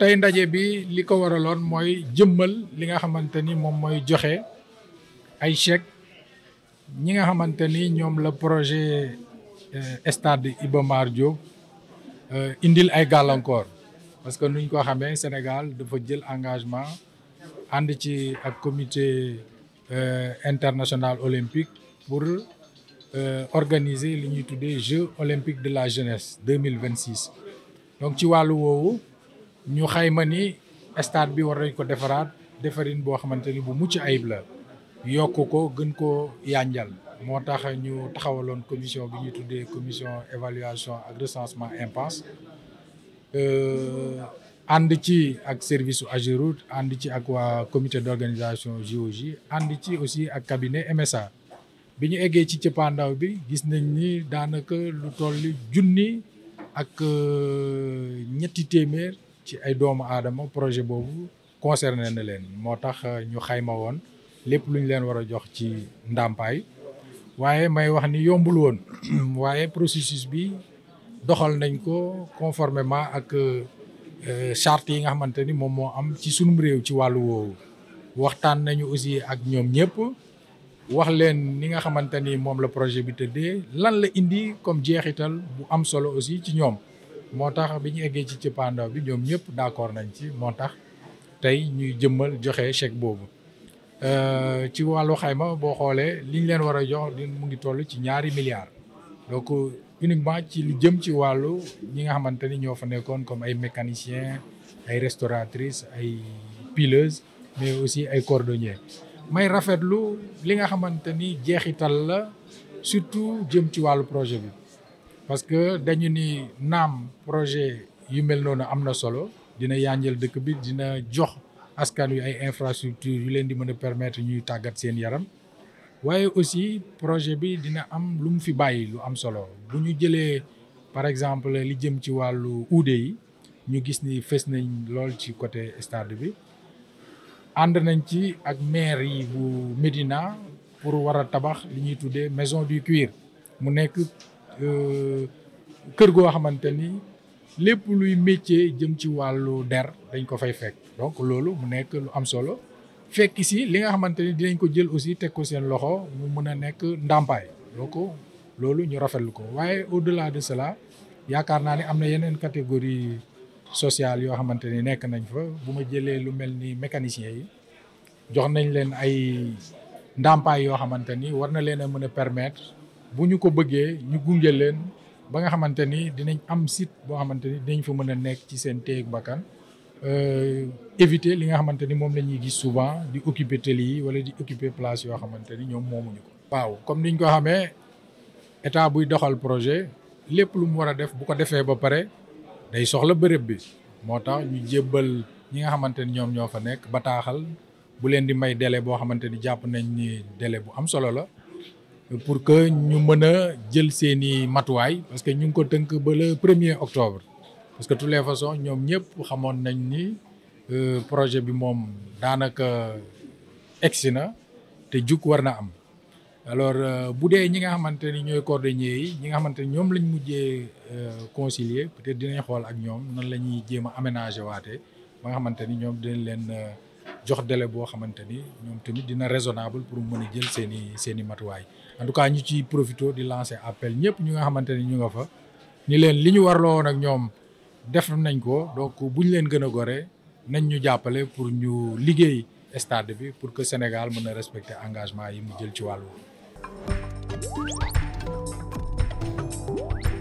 tey ndaje bi li ko waraloon mooy jëmmal li nga xamante ni moom mooy joxe ay chèques ñi nga xamante ni ñoom la projet euh, stade ibomar Mar euh, indil ay gàllankoor parce que nuñ ko xamee Sénégal dafa jël engagement ànd ci ak comité euh, international olympique pour Euh, organiser li ñuy tuddee Jeux olympiques de la jeunesse deux mille vingt six donc ci wàllu woowu ñu xayma ni stade bi war nañ ko defaraat defarin boo xamante ni bu mucc ayib la yokk ko gën koo yànjal moo tax ñu taxawaloon commission bi ñuy tuddee commission évaluation ak recensement impasse euh, ànd ci ak service su Ageroute ànd ci ak waa commité d' organisation JOJ ànd ci aussi ak cabinet MSA. bi ñu eggee ci cëppaandaw bi gis nañ ni daanaka lu tolli junni ak euh, ñetti téeméer ci ay doomu aadama projet boobu concerné na leen moo tax euh, ñu xayma woon lépp lu ñu leen war a jox ci ndàmpaay waaye may wax ni yombul woon waaye processus bi doxal nañ ko conformément ak euh, charte yi nga xamante ni moom moo am ci sunum réew ci wàllu woowu waxtaan nañu aussi ak ñoom ñëpp wax leen ni nga xamante ni moom la projet bi tëddee lan la indi comme jeexital bu am solo aussi ci ñoom moo tax bi ñu eggee ci cëppaandaw bi ñoom ñëpp d'accord nañ ci moo tax tey ñuy jëmmal joxe chèque boobu euh, ci wàllu xayma boo xoolee liñ leen war a jox mu ngi toll ci ñaari milliards donc uniquement ci li jëm ci wàllu ñi nga xamante ni ñoo fa nekkoon comme ay mécaniciens ay restauratrices ay pileuses mais aussi ay cordonniers may rafetlu li nga xamante ni jeexital la surtout jëm ci wàllu projet bi parce que dañu ni naam projet yu mel noonu am na solo dina yànjal dëkk bi dina jox askan wi ay infrastructure yu leen di mën a permettre ñuy tàggat seen yaram waaye aussi projet bi dina am lu mu fi bàyyi lu am solo bu ñu jëlee par exemple li jëm ci wàllu uude yi ñu gis ni fës nañ lool ci côté stade bi ànd nañ ci ak mair yi bu Médina pour war a tabax li ñuy tuddee maison du cuir mu nekk euh, kër goo xamante ni lépp luy métier jëm ci wàllu der dañ ko fay fekk donc loolu mu nekk lu am solo fekk si li nga xamante ni dinañ ko jël aussi teg ko seen loxo mu mën a nekk ndàmpaay ko loolu ñu rafetlu ko waaye au delà de cela yaakaar naa ne am na yeneen catégorie sociale yoo xamante ni nekk nañ fa bu ma jëlee lu mel ni mécaniciens yi jox nañ leen ay ndàmpaay yoo xamante ni war na leen a mën a permettre bu ñu ko bëggee ñu gunge leen ba nga xamante ni dinañ am site boo xamante ni dinañ fa mën a nekk ci seen téyeg bakkan euh, éviter li nga xamante ni moom la ñuy gis souvent di occuper télé yi wala di occuper place yoo xamante ni ñoom moomuñu ko. waaw comme niñ ko xamee état buy doxal projet lépp lu mu war a def bu ko defee ba pare. day soxla bërëb bi moo tax ñu jébbal ñi nga xamante ni ñoom ñoo fa nekk bataaxal bu leen di may délai boo xamante ni jàpp nañ ni délai bu am solo la pour que ñu mën a jël seeni matuwaay parce que ñu ngi ko tënk ba le premier octobre parce que toutes les façons ñoom ñëpp xamoon nañ ni euh, projet bi moom daanaka egsi na te jug war na am alors euh, bu dee ñi nga xamante ni ñooy cordonniers yi ñi nga xamante ni ñoom lañ mujjee euh, concilier peut-être dinañ xool ak ñoom nan la ñuy jéem a aménager waatee ba nga xamante ni ñoom dinañ leen euh, jox délai boo xamante ni ñoom tamit dina raisonnable pour mu mën a jël seen i seen i matuwaay en tout cas ñu ciy profité di lancer appel ñëpp ñu nga xamante ni ñu nga fa ñu leen li ñu warloo woon ak ñoom def nañ ko donc bu ñu leen gën a gore nañ ñu jàppale pour ñu liggéey stade bi pour que Sénégal mën a respecter engagement yi mu jël ci wàllu Thank you.